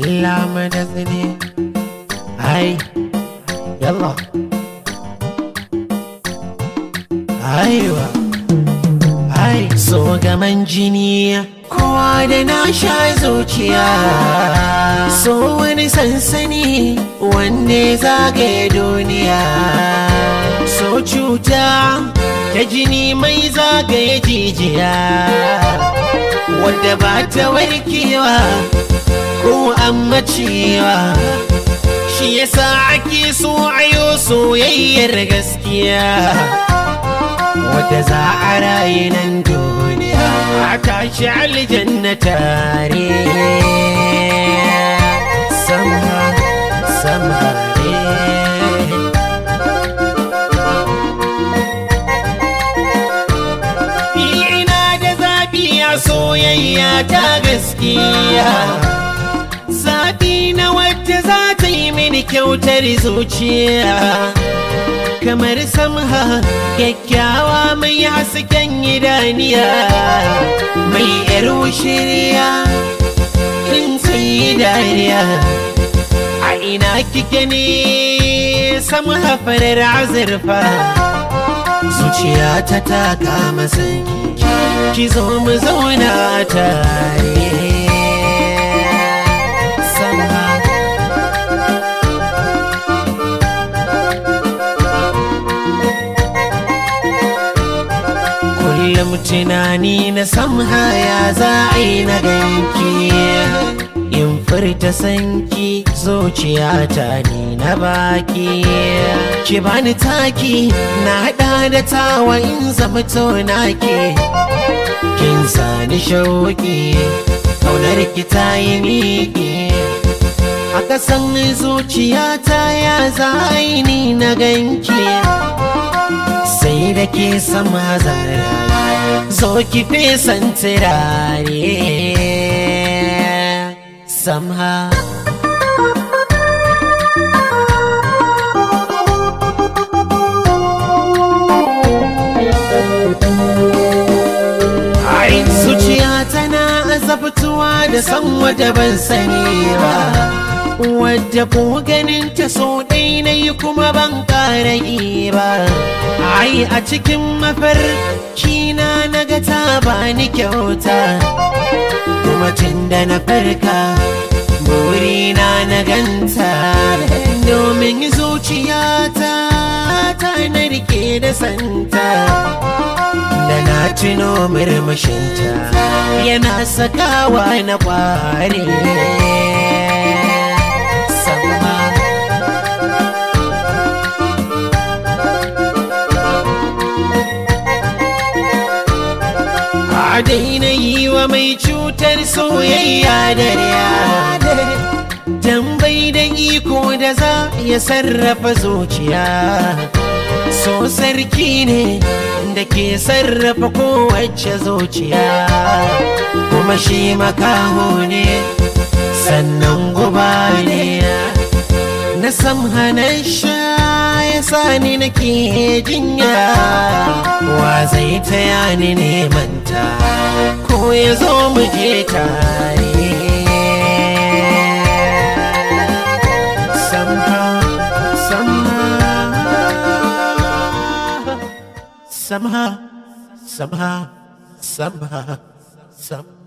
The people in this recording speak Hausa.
دلع منزني هاي يلا ايوه هاي so gaman jini kowa da na sha zuciya so wani sansani wanne zagaye duniya so cuta ta jini mai zagaye jijiya wadda ba ta warkewa ko an macewa shi yasa ake so ayo soyayyar gaskiya wadda za a raye nan duniya a tashi aljanna tare sama sama soyayya gaskiya mini kyautar zuciya kamar samha kyakkyawa mai hasken idaniya mai yar shirya in sai dariya a ina kike ne samha farar azurfa zuciya ta taka masanki ki zo mu zauna tare tunani na samha ya za a yi na ganki in furta sanki zuciya ta ni na baki ki bani taki na hada da tawa in zama tona ke kin sani shauki kaunar ki ta yi ka san ta ya zaini na ganki sai da ke sama zara zo ki fesan turare somehow zuciya tana azabtuwa da san wata ban sani ba wadda ko ganin ta so ɗai na yi kuma ban ƙara ba ai a cikin mafarki na naga ta ba ni kyauta kuma tun da na farka burina na ganta domin zuciyata ta na rike da santa da na tuno murmushinta yana sakawa na kware a daina yi wa mai cutar soyayya dariya dan bai da iko da za ya sarrafa zuciya so sarki ne da ke sarrafa kowace zuciya kuma shi makaho ne sannan guba ne na samhanan sha Sani nake jinya wa zai taya ni neman ta ko ya zo mu je tare Somehow, somehow, somehow, somehow.